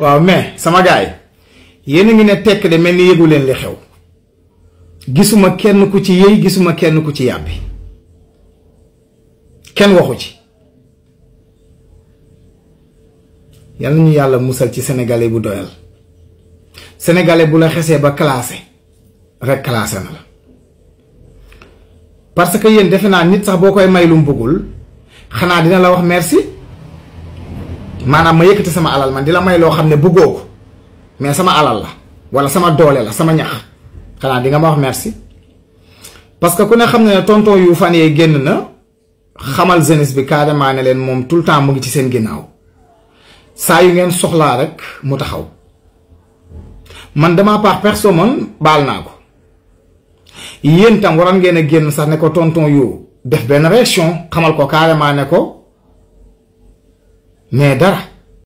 waaw mais sama gaay yéen a ngi ne tekk de mel ni yëgu leen li xew gisuma kenn ku ci yëy gisuma kenn ku ci yàbbi kenn waxu ci yal na ñu yàlla musal ci sénégalais bu doyal sénégalais bu la xesee ba classé rek classé na la parce que yéen defe naa nit sax boo koy may lu bëggul xanaa dina la wax merci maanaam ma yëkkati sama alal man di la may loo xam ne bëggoo ko mais sama alal la wala sama doole la sama ñax xanaa di nga ma wax merci parce que ku ne xam ne tonton yu fan yee génn na xamal jeunesse bi carrément ne leen moom tout le temps mu ngi ci seen ginnaaw saa yu ngeen soxlaa rek mu taxaw man dama paax personne baal naa ko yéen tam waroon ngeen génn sax ne ko tonton yu def benn réaction xamal ko carrément ne ko. mais dara